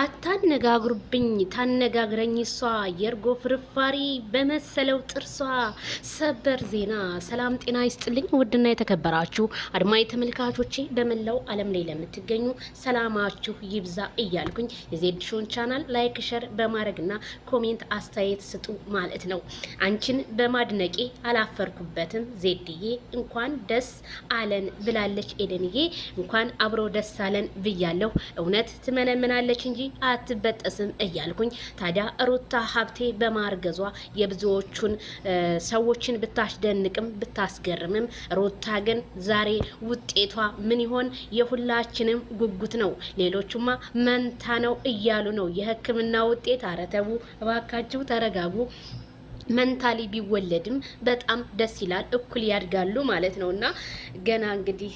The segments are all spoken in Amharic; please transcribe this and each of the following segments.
አታነጋግሩብኝ ታነጋግረኝ እሷ የእርጎ ፍርፋሪ በመሰለው ጥርሷ። ሰበር ዜና። ሰላም ጤና ይስጥልኝ። ውድና የተከበራችሁ አድማዊ ተመልካቾቼ በመላው ዓለም ላይ ለምትገኙ ሰላማችሁ ይብዛ እያልኩኝ የዜድሾን ቻናል ላይክ፣ ሸር በማድረግና ኮሜንት አስተያየት ስጡ ማለት ነው። አንቺን በማድነቄ አላፈርኩበትም ዜድዬ፣ እንኳን ደስ አለን ብላለች ኤደንዬ። እንኳን አብሮ ደስ አለን ብያለሁ። እውነት ትመነምናለች እንጂ አትበጠስም እያልኩኝ ታዲያ ሩታ ሀብቴ በማርገዟ የብዙዎቹን ሰዎችን ብታስደንቅም ብታስገርምም ሩታ ግን ዛሬ ውጤቷ ምን ይሆን የሁላችንም ጉጉት ነው። ሌሎቹማ መንታ ነው እያሉ ነው የሕክምና ውጤት አረተቡ እባካችሁ ተረጋጉ። መንታሊ ቢወለድም በጣም ደስ ይላል። እኩል ያድጋሉ ማለት ነው እና ገና እንግዲህ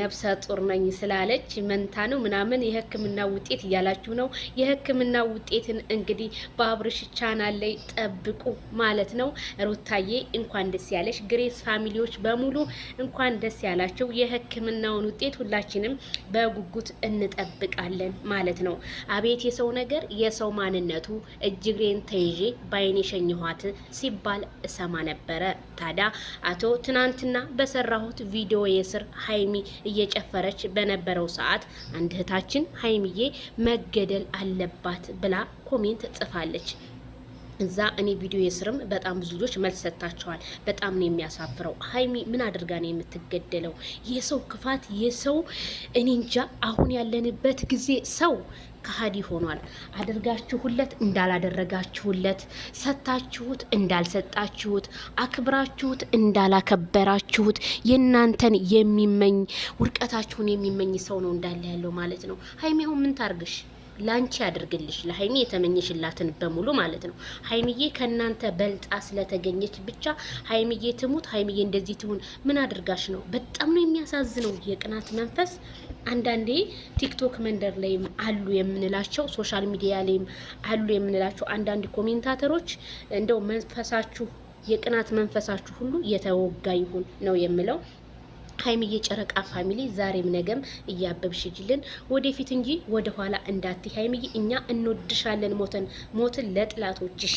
ነፍሰ ጡር ነኝ ስላለች መንታ ነው ምናምን የሕክምና ውጤት እያላችሁ ነው። የሕክምና ውጤትን እንግዲህ በአብርሽ ቻናል ላይ ጠብቁ ማለት ነው። ሩታዬ እንኳን ደስ ያለሽ፣ ግሬስ ፋሚሊዎች በሙሉ እንኳን ደስ ያላቸው። የሕክምናውን ውጤት ሁላችንም በጉጉት እንጠብቃለን ማለት ነው። አቤት የሰው ነገር፣ የሰው ማንነቱ እጅግሬን ተይዤ ባይኔ ሸኝኋት ሲባል እሰማ ነበረ። ታዲያ አቶ ትናንትና በሰራሁት ቪዲዮ የስር ሀይሚ እየጨፈረች በነበረው ሰዓት አንድ እህታችን ሀይሚዬ መገደል አለባት ብላ ኮሜንት ጽፋለች። እዛ እኔ ቪዲዮ የስርም በጣም ብዙ ልጆች መልስ ሰጥታቸዋል። በጣም ነው የሚያሳፍረው። ሀይሚ ምን አድርጋ ነው የምትገደለው? የሰው ክፋት የሰው እኔ እንጃ። አሁን ያለንበት ጊዜ ሰው ከሀዲ ሆኗል። አድርጋችሁለት እንዳላደረጋችሁለት፣ ሰታችሁት እንዳልሰጣችሁት፣ አክብራችሁት እንዳላከበራችሁት፣ የእናንተን የሚመኝ ውድቀታችሁን የሚመኝ ሰው ነው እንዳለ ያለው ማለት ነው። ሀይሚ አሁን ምን ታርግሽ? ላንቺ ያድርግልሽ ለሀይሚ የተመኘሽላትን በሙሉ ማለት ነው። ሀይሚዬ ከእናንተ በልጣ ስለተገኘች ብቻ ሀይሚዬ ትሙት፣ ሀይሚዬ እንደዚህ ትሁን፣ ምን አድርጋሽ ነው? በጣም ነው የሚያሳዝነው የቅናት መንፈስ። አንዳንዴ ቲክቶክ መንደር ላይም አሉ የምንላቸው ሶሻል ሚዲያ ላይም አሉ የምንላቸው አንዳንድ ኮሜንታተሮች እንደው መንፈሳችሁ የቅናት መንፈሳችሁ ሁሉ የተወጋ ይሁን ነው የምለው። ሀይሚዬ ጨረቃ ፋሚሊ ዛሬም ነገም እያበብሽ እያበብሽጅልን ወደፊት እንጂ ወደኋላ እንዳትይ ሀይሚዬ፣ እኛ እንወድሻለን ሞተን ሞትን ለጥላቶችሽ